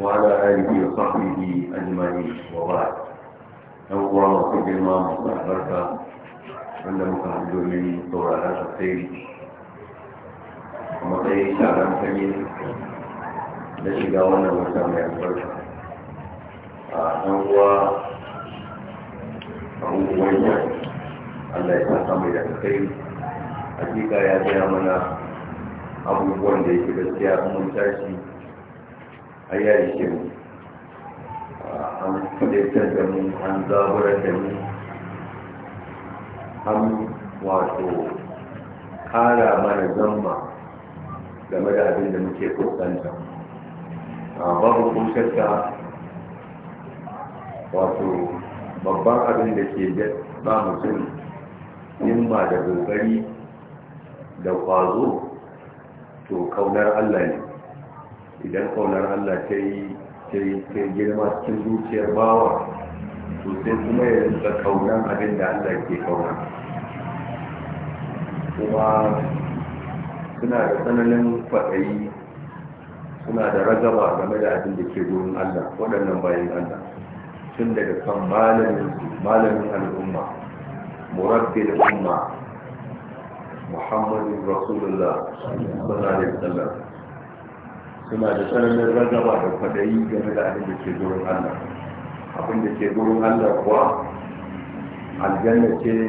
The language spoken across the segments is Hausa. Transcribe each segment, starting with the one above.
وعلى آله وصحبه أجمعين وبعد أبو الله سبحانه وتعالى عندما تعبد من طورات الخير matsayin sharan fage da shiga wannan wata mai albarka a ɗan uwa abubuwan yan allah ya saka mai da kai hakika ya gaya mana abubuwan da yake gaskiya mun tashi a yayi ke mu an kudaitar da mu an zaburar da mu an wato kara mana zamba game da abin da muke kusanta babu kusurta wato babban abin da ke ba mutum himma da dogari da kwazo to kaunar allah ne idan kaunar Allah ta yi ta girma cikin zuciyar bawa to kuma ya rinka kaunar abin da Allah ke kauna kuma suna da tsananin faɗayi suna da ragaba game da abin da ke gurin Allah waɗannan bayan Allah tun daga kan malamin al'umma murabbil umma muhammadin rasulullah sallallahu alaihi wasallam suna da tsananin ragaba da kwadayi game da abin da ke gurin Allah abin da ke gurin Allah kuwa aljanna ce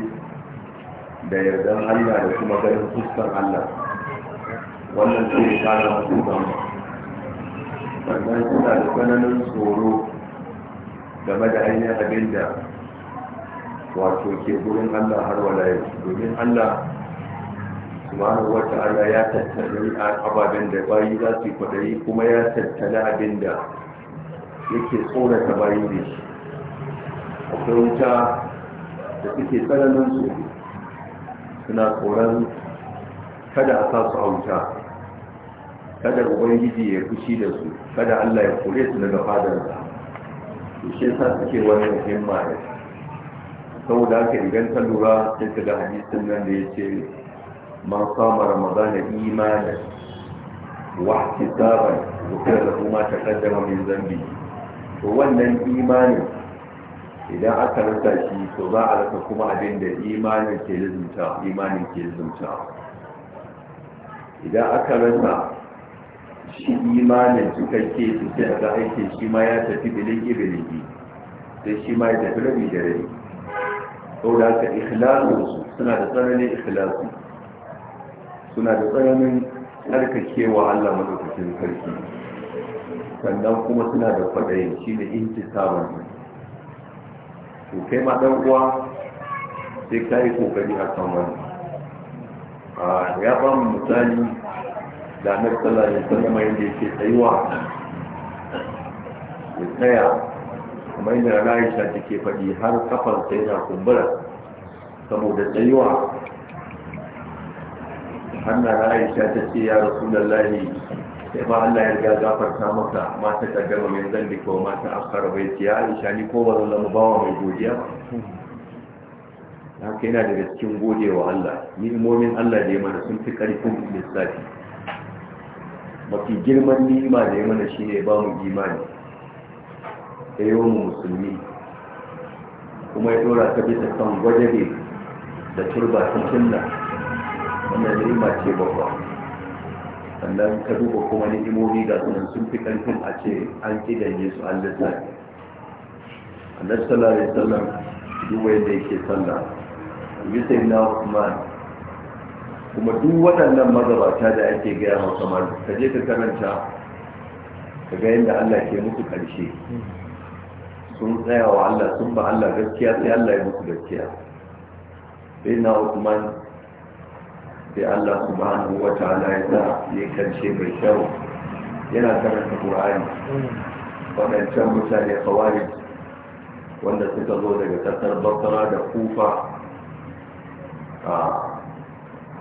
da yardan Allah da kuma ganin fuskar Allah wannan ce ya kara masu zama sannan suna da tsananin tsoro game da ainihin abin da wato ke gurin Allah har wala yau domin Allah subhanahu wa ta'ala ya tattali ababen da bayi za su kwadari kuma ya tattali abin da yake tsorata bayi da shi akwai wuta da suke tsananin su suna tsoron kada a sa su a wuta kada ubangiji ya fushi da su kada allah ya kore su daga fadarsa su shi sa suke wani muhimma da saboda haka idan ta lura sai ka ga hadisin nan da ya ce Man من صام رمضان إيمانا da kuma ta ما تقدم zambi, to wannan imanin idan aka rasa shi to za a rasa kuma abin da imanin ke lizumta imanin ke lizumta idan aka rasa shi imanin cikakke cike da ga aiki shi ma ya tafi biligi biligi sai shi ma ya tafi rabi da rabi da haka ikhlasu suna da tsananin ikhlasu suna da tsananin tsarkakewa Allah madaukakin sarki sannan kuma suna da kwaɗayin shi da inci sabon to kai ma ɗan uwa sai ka yi kokari a kan wani ya ba mu misali da na sallallahu alaihi wasallam yadda yake tsayuwa ya tsaya kamar yadda Aisha take faɗi har kafar sai na kumbura saboda tsayuwa annar aisha ta ce ya rasulullahi sai ba Allah ya riga gafarta maka mata ta gama mai zambi wa mata afkara bai ce ya aisha ni ko ba zan bawa mai godiya haka yana daga cikin gode wa Allah ni'imomin Allah da ya mana sun fi karfin lissafi mafi girman nima da ya mana shi ne ba mu imani da yawan musulmi kuma ya dora ta bisa kan gwajabe da turba ta sunna wannan ni'ima ce babba sannan ka duba kuma ni'imomi ga sunan sun fi karfin a ce an kidanye su an A annabi sallallahu alaihi wasallam duba yadda yake sallah bisa ina Usman kuma duk waɗannan magabata da ake gaya ma kamar ka je ka karanta ka ga yadda Allah ke musu ƙarshe sun tsaya wa Allah sun ba Allah gaskiya sai Allah ya musu gaskiya sai na Usman sai Allah subhanahu wa ta'ala ya sa ya karshe mai kyau yana karanta Qur'ani waɗancan mutane kawai wanda suka zo daga ƙasar Basra da Kufa a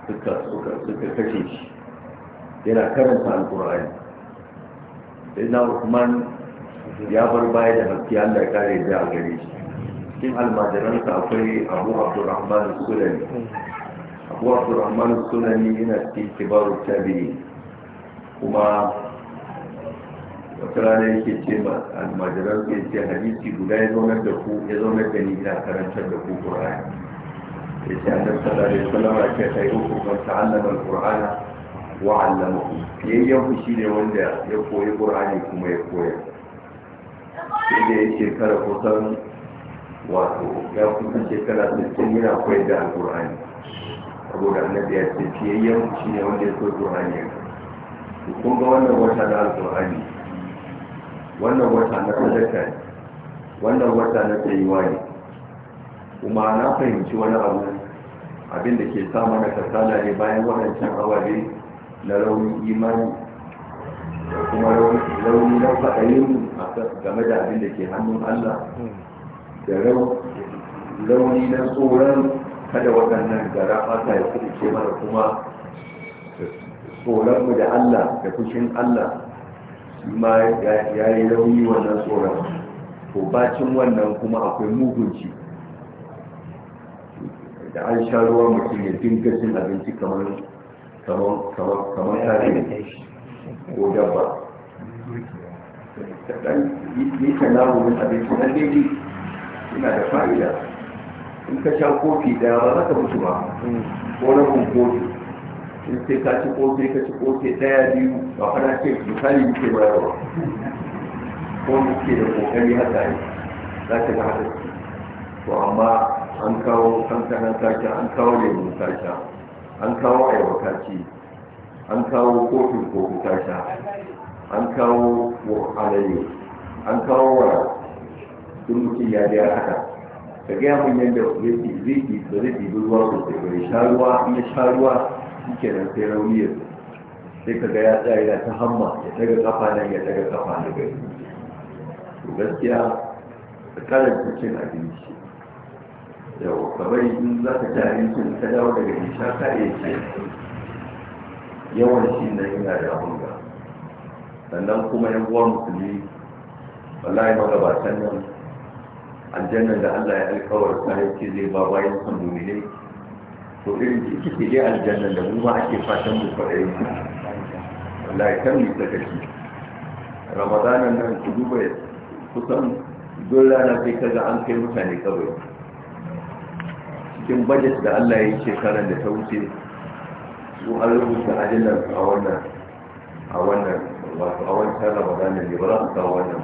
suka suka suka kace shi yana karanta Al-Qur'ani sai na ya bar baya da haske Allah ya kare da a gare shi cikin almajiransa akwai Abu Abdurrahman Sulaiman abu abdurrahman sunani yana cikin kibaru tabi'i kuma wata rana yake ce almajiran ke ce hadisi guda ya zaunar da ku ya zaunar da ni ina karantar da ku qur'ani ya ce annabi sallallahu alaihi wasallam ya ce khairukum man ta'allama al-qur'ana wa 'allamahu yayyan ku shine wanda ya koyi qur'ani kuma ya koya sai da ya shekara kusan wato ya kusan shekara 60 yana koyar da al-qur'ani saboda annabi ya ce fiyayyen shi ne wanda ya so qur'ani kun ga wannan wata na alqur'ani wannan wata na sadaka ne wannan wata na tsayuwa ne kuma na fahimci wani abu abin da ke sa mana kasala ne bayan wadancan awabe na raunin imani da kuma rauni na fadayin game da abin da ke hannun allah da rauni na tsoron kada waɗannan gara fata ya kuɗi mana kuma tsoronmu da Allah da kushin Allah ma ya yi rauni wannan tsoron to bacin wannan kuma akwai mugunci da an sha ruwa mutum ya dinga cin abinci kamar kamar da ko dabba yi tana wurin abinci na daidai yana da fa'ida in ka sha kofi da ba za ka mutu ba ko na kun kofi in sai ka ci kofi ka ci kofi daya biyu ba fara ce misali muke bayarwa ko ke da kokari haka ne za ka ga haka to amma an kawo kankanan kasha an kawo lemu kasha an kawo ayaba kashi an kawo kofin kofi kasha an kawo alayyo an kawo wa duk mutum ya biya haka ka gaya mun yadda ya ce zai da zai ruwa sosai bai sha ruwa in ya sha ruwa shi kenan sai rauni sai ka ga ya tsaya ta hamma ya daga kafa nan ya daga kafa na gari to gaskiya ka karanta abinci yau ka in za ka ci abincin ka dawo daga isha ka iya ce yawan shi ne yana da hunga sannan kuma yan uwan musulmi wallahi magabatan nan aljannan da Allah ya alkawar ta yake zai ba bayan san ne? to irin ki kike dai aljannan da mu ma ake fatan mu kwarai wallahi kan mu sakaci Ramadan nan ku duba kusan dole na kai kaga an kai mutane kawai cikin budget da Allah ya yi shekarar da ta wuce su an rubuta ajiyar a wannan a wannan wato a wancan ramadanan ne ba za su kawo wannan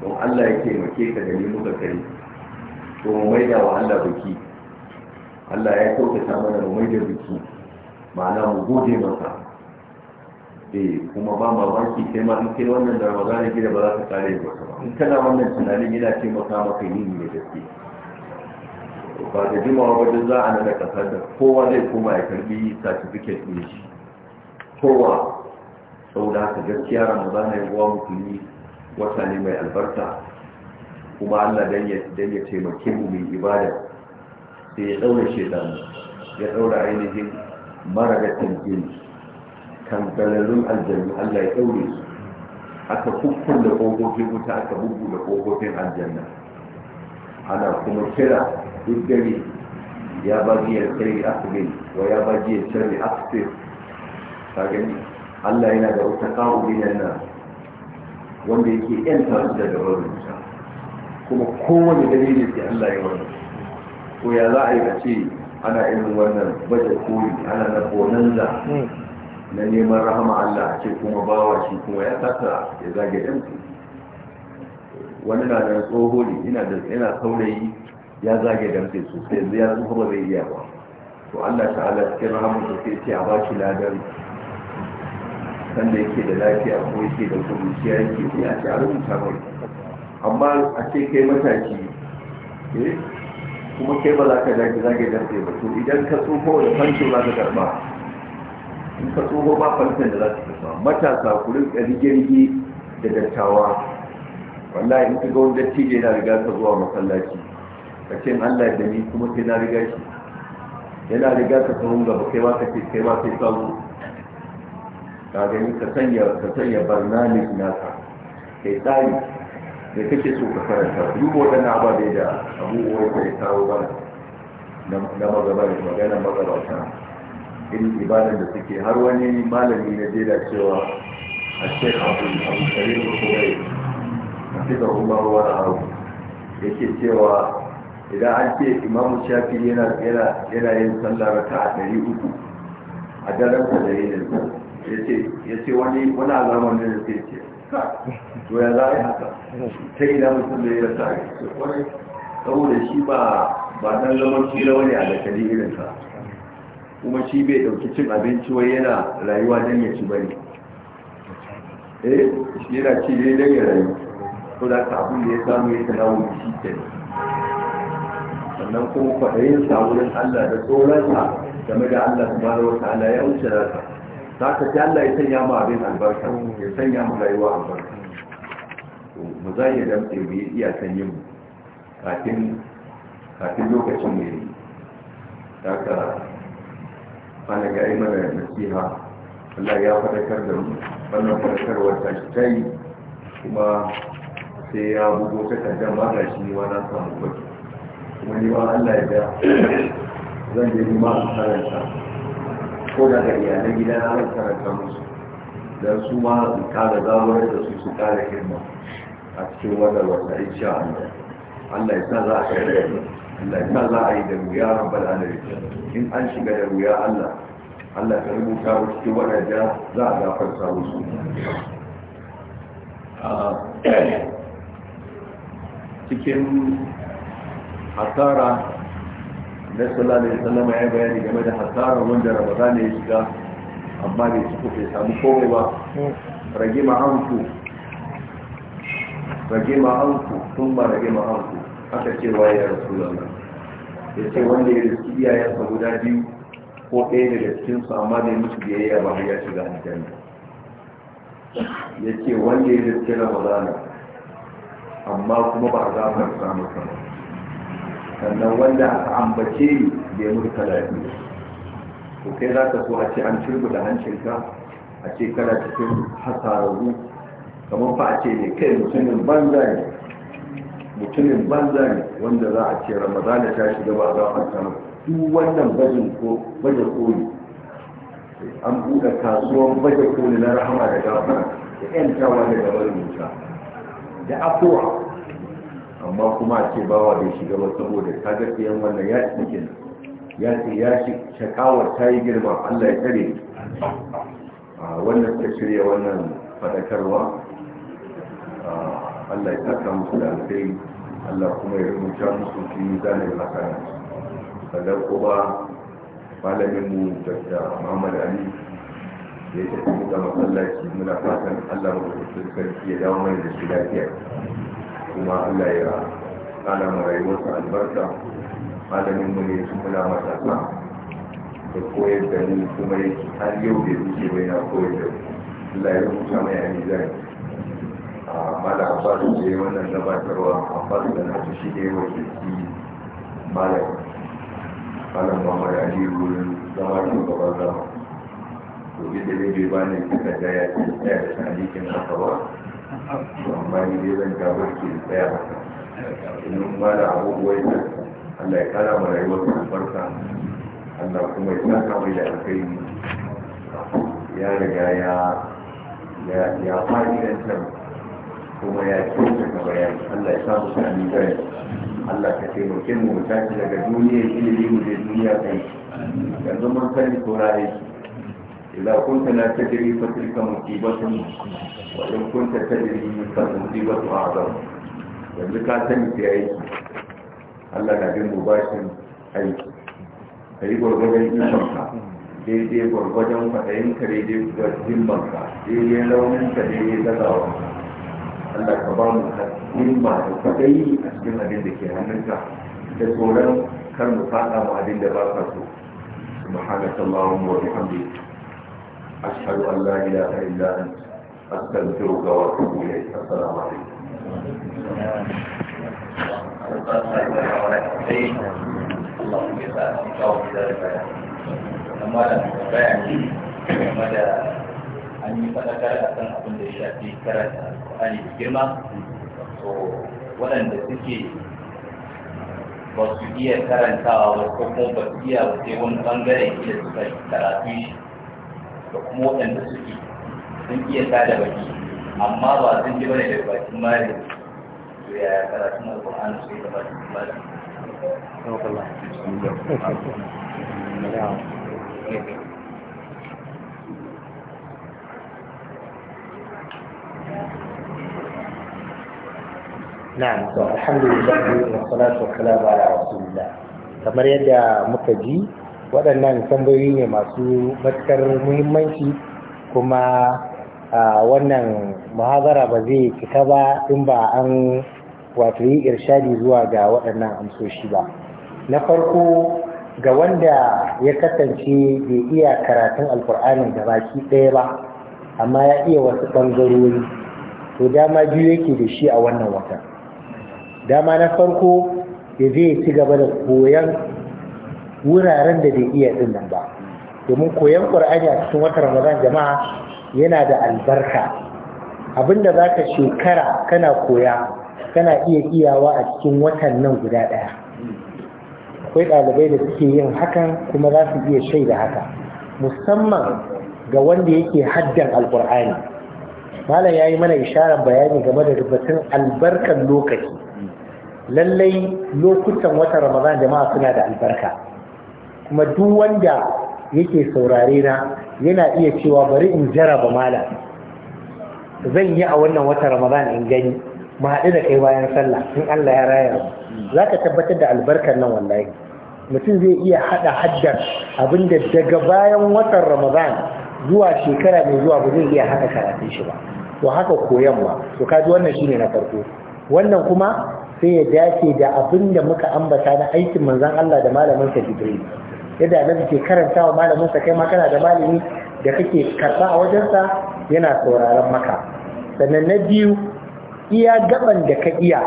don Allah ya taimake ka da ni ka kare to mu maida wa Allah buki Allah ya ta mana mu da biki ma'ana mu gode masa eh kuma ba mamaki sai ma in kai wannan da magana gida ba za ka kare ba in kana wannan tunanin yana taimaka maka yin ne da ke ba da jimawa wajen za a nada kasar da kowa zai koma ya karbi certificate ne shi kowa sau da haka gaskiya ramadana ya guwa mutum wata ne mai albarta kuma Allah dan ya taimake mu mai ibada sai ya daura shedan ya daura ainihin maragatan jini kan galalun aljanna Allah ya daure su aka kukkun da kofofin wuta aka bugu da kofofin aljanna ana kuma kira duk gari ya baji ya tsari asibin wa ya baji ya tsari asibin ta gani Allah yana da wata ƙa'ubi nan wanda yake yan su daga barin sa kuma kowane dalili ke Allah ya wani ko ya za a yi a ce ana irin wannan baje koyi ana na bonanza na neman rahama Allah ce kuma bawa shi kuma ya sasa ya zage yanku wani na da tsoho ne ina da ina saurayi ya zage damtse sosai ya tsufa ba zai iya ba to Allah ta'ala cikin rahamun da sai ce a baki ladan wanda yake da lafiya ko yake da kuruciya yake sai a ce a rubuta mai amma a ce kai mataki eh, kuma kai ba za ka zage za ka sai ba to idan ka tsoho da fanto za ka karba in ka tsoho ba fanton da za ka karba matasa ku rinka rigirgi da dattawa wallahi in ka ga wani dattijo yana riga ka zuwa masallaci ka ce Allah da ni kuma sai na riga shi yana riga ka tsohon gaba kai ba ka ce kai ba sai samu gani ka sanya ka sanya barnamij kai tsari da kake so ka karanta duk ba dai da abubuwan da ya taro ba na magaba da magana magabata irin ibadan da suke har wani malami na jera cewa a shek abu abu karim kuwai a cikin umar wani abu yake cewa idan an ce imamu shafi yana yin sallah raka a ɗari uku a daren sa da yin ya ce wani wani ne da ce to ya za a yi haka ta ina mutum da ya sa saboda shi ba dan zaman tura wani a da irinsa irin kuma shi bai dauki cin abinci wai yana rayuwa dan ya ci bane eh shi yana ci ne ya rayu ko da ka da ya samu ya tanawo shi ke sannan kuma kwaɗayin sa wurin Allah da tsoron game da Allah subhanahu wata ta'ala ya wuce rasa za ka Allah ya sanya ma abin albarka ya sanya mu rayuwa albarka mu za yi damtse mu yi iyakan yin kafin kafin lokacin mu yi za ka ga aima da nasiha Allah ya faɗakar da mu wannan faɗakarwar ta kuma sai ya bugo ta kaddam ba ga shi wa na samu ba. kuma ni ba Allah ya ga zan je ni ma karanta ko daga ga iyalan gida na zan karanta musu don su ma su kada zaburar da su su kada girma a cikin wannan wata insha Allah Allah ya sa za a kai da mu Allah ya sa za a yi da mu ya rabbal alamin in an shiga da mu Allah Allah ya rubuta mu cikin wadanda za a gafarta musu cikin asara na sallallahu alaihi wasallam ya bayani game da hasara wanda ramadan ya shiga amma bai ci bai samu komai ba rage anku rage ma'anku sun ba rage anku aka ce wa ya rasu ya ce wanda ya riski iyayensa guda biyu ko ɗaya daga cikinsu amma bai musu biyayya ba ya shiga aljanna ya ce wanda ya riski ramadana amma kuma ba a zafin samun sama sannan wanda aka ambace ni bai mutu lafiya. Ko kai za ka so a ce an cirgu da hancinka a ce kana cikin hasararru kamar fa a ce ne kai mutumin banza ne mutumin banza ne wanda za a ce ramadana ta shiga ba za a samu duk wannan bajin ko baje koli an buɗe kasuwan baje koli na rahama da gafara da 'yantawa daga barin wuta da afuwa amma kuma a ce bawa bai shiga ba saboda ta yan wannan ya ci cikin ya ce ya shi shakawar ta yi girma allah ya tsare wannan ta shirya wannan faɗakarwa allah ya tsaka musu da alfai allah kuma ya rubuta musu fi zanen da sannan kuma malaminmu dr muhammad ali da ya tafi da masallaci muna fatan allah mu sarki ya dawo mai da shi lafiya kuma Allah ya kana mu rayuwarsa albarka malamin mu ne sun kula matasa da koyar da ni kuma har yau bai zuke bai na koyar da Allah ya rubuta mai a nizari a mala abbasu da ya wannan gabatarwa abbasu da nasu shi ne wanda ki malam malam mara aliyu wurin zama shugaban zama domin da ne bai bani kuka da ta yi tsaya da tsarikin haka ba amma ni dai zan ga barki da tsaya haka in ba da abubuwa ya Allah ya kara wa rayuwar ku barka Allah kuma ya saka mu da alkai ya riga ya ya ya fadi dan can kuma ya kyauta ka bayani Allah ya samu sa ni bai Allah ka taimake mu mu tashi daga duniya ilimi mu je duniya kai yanzu mun sani saurare shi إذا كنت لا تدري فتلك مصيبة وإن كنت تدري فالمصيبة أعظم يملك أتمت أي الله العظيم مباشر أي أي برغجة إنشمك دي دي برغجة فأين كري دي برغجة دي دي لون أنت دي دي الله كبان مهمة فأي أسجم أدين دي كي أنك تسولن كرمتاء مهدين دي بارك سبحانك اللهم وبحمدك أشهد أن لا إله إلا أنت أستغفرك وأتوب إليك السلام عليكم اللهم يسألك الله da لما da تبعني da an yi faɗakar a kan abin da ya shafi karanta alƙur'ani da girma to waɗanda suke ba su iya karantawa ba ko kuma ba su iya wasu wani ɓangare iya karatu da kuma waɗanda suke sun iya sada baki amma ba sun ji bane da bakin mare to ya karatu na Qur'an su yi da bakin mare نعم الحمد لله والصلاة والسلام على رسول الله kamar yadda muka ji waɗannan tambayoyi ne masu matukar muhimmanci kuma wannan muhazara ba zai cika ba in ba an wato yi irshadi zuwa ga waɗannan amsoshi ba na farko ga wanda ya kasance bai iya karatun alkur'anin da baki ɗaya ba amma ya iya wasu ɓangarori to dama biyu yake da shi a wannan watan dama na farko ya zai ci gaba da koyon wuraren da bai iya din nan ba domin koyon ƙur'ani a cikin watan ramadan jama'a yana da albarka abinda za ka shekara kana koya kana iya iyawa a cikin watan nan guda ɗaya akwai ɗalibai da suke yin hakan kuma za su iya shaida haka musamman ga wanda yake haddan alƙur'ani malam ya yi mana isharar bayani game da batun albarkan lokaci lallai lokutan watan ramadan jama'a suna da albarka kuma duk wanda yake saurare na yana iya cewa bari in jaraba mala zan yi a wannan watan ramadan in gani mu haɗu da kai bayan sallah in Allah ya raya mu za ka tabbatar da albarkar nan wallahi mutum zai iya haɗa haddar abinda daga bayan watan ramadan zuwa shekara mai zuwa ba zai iya haɗa karatun shi ba to haka koyan ba, to kaji wannan shine na farko wannan kuma sai ya dace da abin da muka ambata na aikin manzon Allah da malamin sa Jibril yadda annabi ke karanta wa malamin sa kai ma kana da malami da kake karba a wajensa yana sauraron maka sannan na biyu iya gaban da ka iya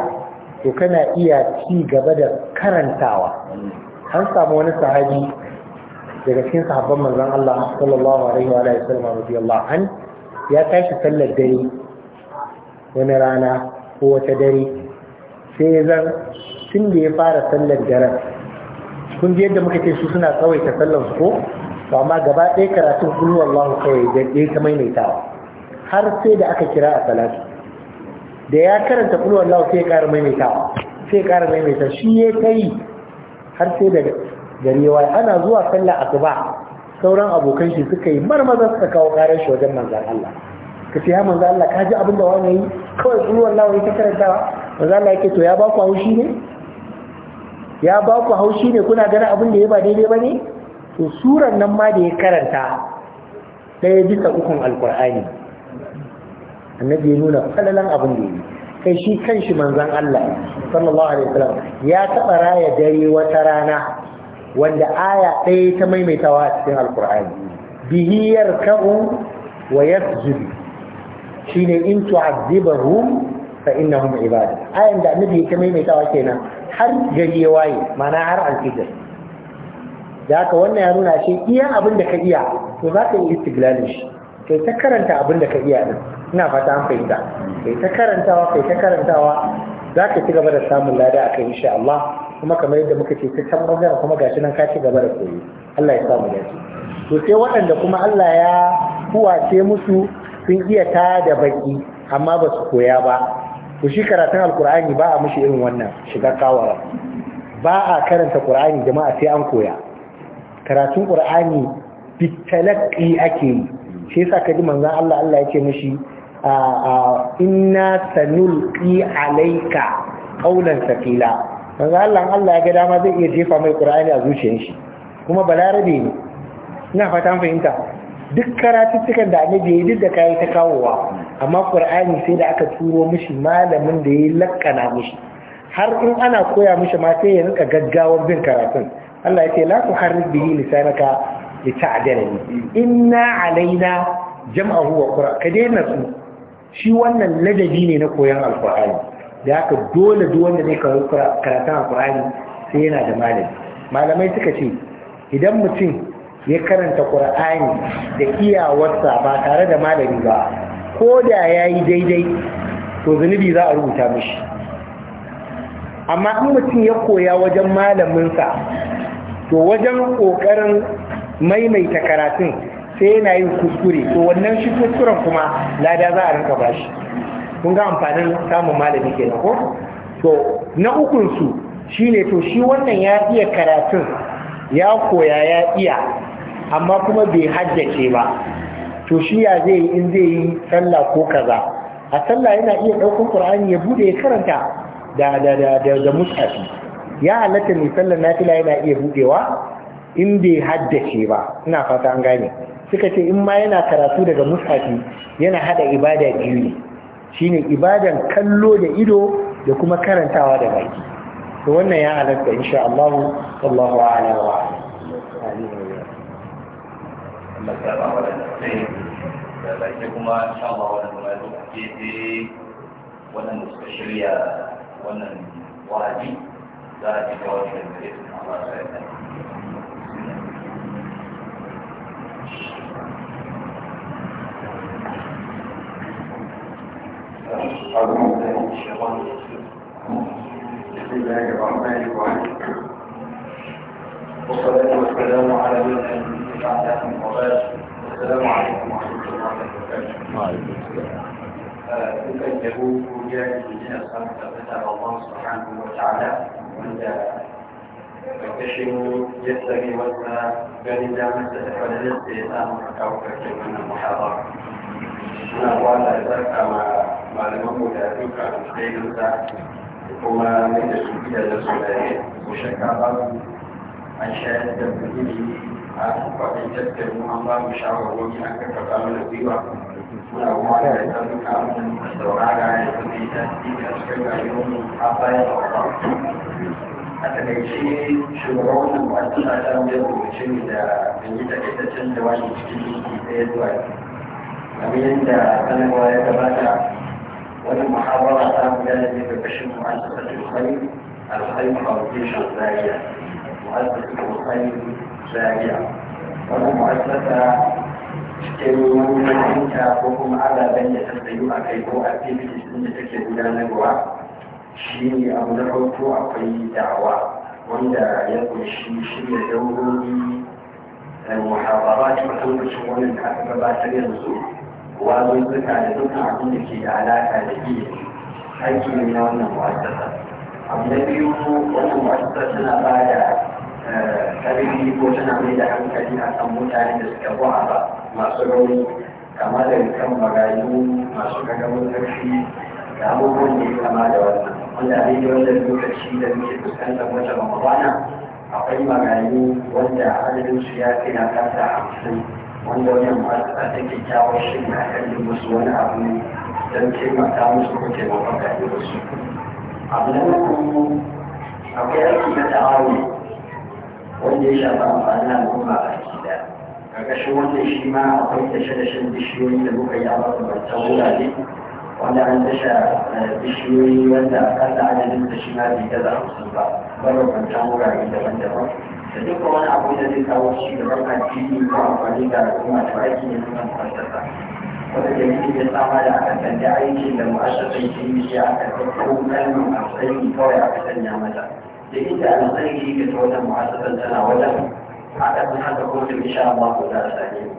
to kana iya ci gaba da karantawa an samu wani sahabi daga cikin sahabban manzon Allah sallallahu alaihi wa alihi wasallam radiyallahu an ya tashi sallar dare wani rana ko wata dare sai zan tun da ya fara sallar daren kun ji yadda muka ce su suna tsawaita sallan su ko to amma gaba ɗaya karatun kullu wallahu kawai da dai ta maimaitawa har sai da aka kira a salatu da ya karanta kullu wallahu sai ya ƙara maimaitawa sai ya ƙara maimaita shi ya kai har sai da gari ya ana zuwa sallar asuba sauran abokan shi suka yi marmaza suka kawo ƙarar shi wajen manzan Allah ka ce ya manzan Allah ka ji abin da wani yi kawai kullu wallahu ya ta karantawa manzan Allah yake to ya ba ku haushi ne ya ba ku haushi ne kuna gana abin da ya ba daidai ba ne to surar nan ma da ya karanta ɗaya bisa ukun alkur'ani annabi ya nuna falalan abin da ya yi kai shi kanshi manzan Allah sallallahu alaihi wasallam ya taɓa raya dare wata rana wanda aya ɗaya ta maimaitawa a cikin alkur'ani Bihiyar yarka'u wa yasjudu shine in tu'adzibahum fa innahum ibad ayan da annabi ya ta maimaitawa kenan har gari ya waye mana har alfijir da haka wannan ya nuna shi iya abin da ka iya to za ka yi istiglalin shi kai ta karanta abin da ka iya din ina fata an fahimta kai ta karantawa kai ta karantawa za ka ci gaba da samun lada a kai insha Allah kuma kamar yadda muka ce ta can bangaren kuma gashi nan ka ci gaba da koyi Allah ya samu dace to sai waɗanda kuma Allah ya kuwace musu sun iya ta da baki amma ba su koya ba to shi karatun alkur'ani ba a mushi irin wannan shiga kawara ba a karanta kur'ani jama'a sai an koya karatun kur'ani bitalaki ake yi shi yasa kaji manzon Allah Allah yake mishi inna sanulqi alayka qawlan thaqila manzon Allah Allah ya ga dama zai iya jefa mai kur'ani a zuciyar shi kuma balarabe ne ina fatan fahimta duk karatun karatuttukan da annabi ya duk da kayi ta kawowa amma qur'ani sai da aka turo mishi malamin da ya lakkana mishi har in ana koya mishi ma sai ya rika gaggawar bin karatun Allah ya ce la tu harrif bihi lisanaka li ta'dalani inna alaina jam'ahu wa qur'an ka daina su shi wannan ladabi ne na koyan alqur'ani da aka dole duk wanda zai karatu karatun alqur'ani sai yana da malami malamai suka ce idan mutum ya karanta qur'ani da iyawarsa ba tare da malami ba ko da ya yi daidai to zunubi za a rubuta shi. amma in mutum ya koya wajen malaminsa to wajen ƙoƙarin maimaita karatun sai yana yin kuskure to wannan shi kuskuren kuma lada za a rinka bashi kun ga amfanin samun malami ke ko to na ukunsu shi ne to shi wannan ya iya karatun ya koya ya iya amma kuma bai haddace ba to shi ya zai yi in zai yi sallah ko kaza a sallah yana iya ɗaukar qur'ani ya bude ya karanta da da da da, mushafi ya halatta mai sallar nafila yana iya budewa in bai haddace ba ina fata an gane suka ce in ma yana karatu daga mushafi yana hada ibada biyu ne shine ibadan kallo da ido da kuma karantawa da baki to wannan ya halatta insha Allah sallallahu alaihi wa you. بارككما ان شاء الله ولن نمازك فيه ولن نستشري ولن واجي ذلك واجب البيت من الله سبحانه بسم الله والصلاة والسلام على من أنزل بعدهم وبعد السلام عليكم ورحمة الله وبركاته. وعليكم السلام. تكذبوا وجاءت من الخمسة كتاب الله سبحانه وتعالى وأنت فاكتشفوا يستوي وزن بين دامة ولد الإنسان أو كتب من المحاضرة. أنا أقول لك ما ما لم أقل لك عن وما ليس في إلا وشكرا أن شاهدت به a faɗin jaskar mu an ba mu shawarwari an kaka ba mana gwiwa muna kuma da ya san duka mun saurara ya zama ya tasiri a cikin rayuwar mu a bayan saurara a takaice shugaban wannan masu ta mu ya rubuce ni da in yi takaitaccen jawabi cikin minti ɗaya zuwa kamar yadda sanarwa ya gabata wani muhawara ta gudana ne ga kashin mu'assasa tukari alhaim foundation zaria mu'assasa tukari zariya wannan mu'assasa cikin mahimmancinta ko kuma ababen ya ta tsayu a kai ko activities sun da take gudanarwa shi ne abu na farko akwai da'awa wanda ya kunshi shirya daurori da muhabara ta lokacin wannan da aka gabatar yanzu wazon zuka da dukkan abin da ke da alaƙa da iya aiki ne na wannan mu'assasa abu na biyu wannan mu'assasa tana ba da karfi ko tana mai da hankali a kan mutane da suka ba masu rauni kama da kan magayu masu gagamin ƙarfi da abubuwan da ya kama da wannan wanda a daidai wannan lokaci da muke fuskantar wata ramadana akwai magayu wanda adadinsu ya kai na kasa hamsin wanda wajen masu ta kyakkyawar shirin a kan musu wani abu don taimaka musu ko taimakon rayuwarsu abu na uku akwai aiki na ta'awuni wanda ya shafa amfanin al'umma a ciki da ƙarƙashin wanda shi ma akwai tashe-tashen bishiyoyi da muka yi a makamantar wurare wanda an tasha bishiyoyi wanda kasa adadin da shi ma bai gaza hamsin ba makamantar wurare daban-daban da duka wani abu da zai kawo ci gaban addini ko amfani da al'umma to aiki ne suna mu'assasa wanda da yake da sama da aka sanya aikin da mu'assasa ke yi shi aka ɗauko kalmar a tsayi kawai aka sanya mata لكنت أمضي لي بطولة محاسبة أنا ولم حتى أعتقد هذا كل إن شاء الله ولا أستعجل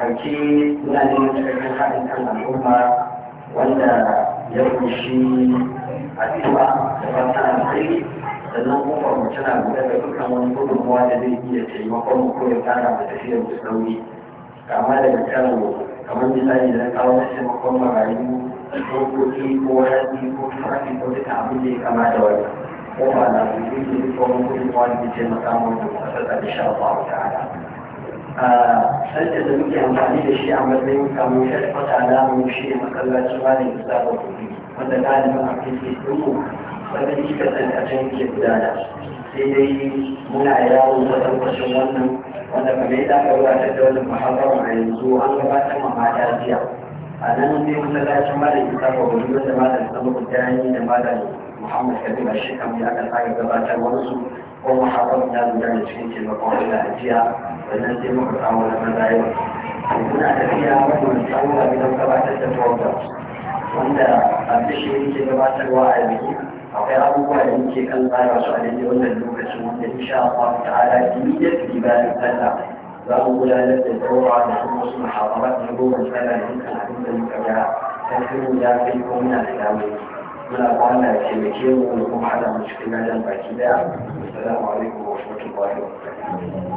أكيد نادي أن يكون كلام الأمة ولا يوم الشيء أتوا فما نقي لأنه مو فهم كنا مدرب كل كم نقول مو هذا اللي هي شيء ما فهم كل كنا بتفيد مستوي كما لا يتكلم كما نسأل إذا كانوا نفس ما فهم غيره كل كل كل هذه كل فرق كل تعبير كما دوري koma na wuri ko mutum wani da taimaka mun da kwasata da sha Allah ta'ala sarki da muke amfani da shi a matsayin kamun shaɗi fata na mu shi ne masallacin wani da zaɓa kuɗi wanda ɗalibin a fiske ɗinku wanda shi ka san a can ke gudana sai dai muna yawo kwatankwacin wannan wanda kuma yadda aka gabatar da wannan muhabbaran a yanzu an gabatar ma mata jiya a nan sai masallacin malam isa ba wani wanda malam sama kuɗi da malam muhammad kabila shekaru ya aka tsaya gabatarwarsu ko muhammad ya lura da cikin taimakon allah a jiya wannan sai muka samu na mazayewa muna tafiya wannan samu da gidan gabatar da program wanda a bishi yake gabatarwa a yanzu akwai abubuwa da yake kan tsara su a daidai wannan lokacin wanda insha Allah ta'ala immediately bayan sallah babu gudanar da daura da kuma wasu muhawarar da goma tsara da dukkan abin da muka ga ta fi ya kai ko muna da dawo muna ba Allah ya taimake mu kuma hada mu cikin ladan baki daya assalamu alaikum wa rahmatullahi wa barakatuh